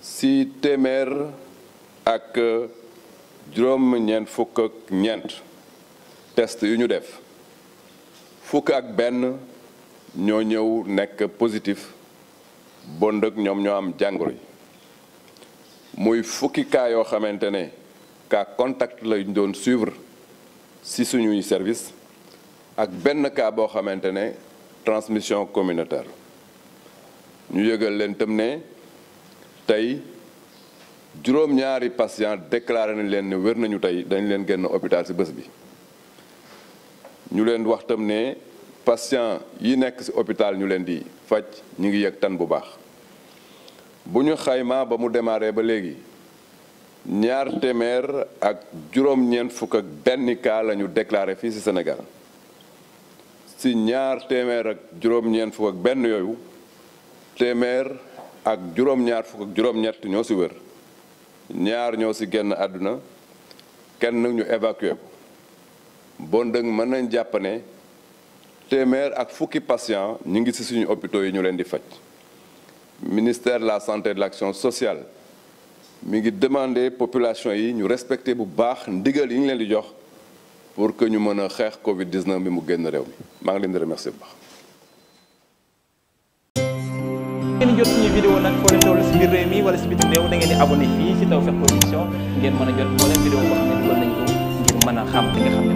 si téeméer ak juróom-ñeent fukk test yu ñu def fukk ak benn ñoo ñëw nekk positif bond ak ñoom ñoo am jàngoro yi muy fukki cas yoo xamante ne cas contact la doon suivre si suñuy service ak benn kaa boo xamante ne transmission communautaire ñu yëgal leen tam ne tey juróom-ñaari patient déclaré nañ leen ne wér nañu tey dañ leen génn hôpital ci bés bi ñu leen wax tam ne patient yi nekk ci hôpital ñu leen di faj ñu ngi yëg tan bu baax bu ñu xaymaa ba mu démarré ba léegi ñaar téeméer ak juróom-ñeent benn cas la ñu déclaré fii ci senegal ci ñaar téeméer ak benn yooyu téeméer ak juróom-ñaar fukk ak juróom-ñett ñoo si wër ñaar ñoo si génn àdduna kenn ñu évacué ko bon dëng mën nañ jàppane ne téeméer ak fukki patient ñu ngi si suñu hôpitaux yi ñu leen di faj ministère de la santé de l'action sociale mi ngi demandé population yi ñu respecté bu baax ndigal yi ñu leen di jox pour que ñu mën a xeex Covid 19 bi mu génn réew mi maa ngi leen di remercier bu baax. ngeen jot suñu vidéo nag foo leen toll si biir si biir réew da si Tawfekh Production ngeen mën a jot moo leen vidéo boo xam ne dugal nañ ko ngir mën a xam li xam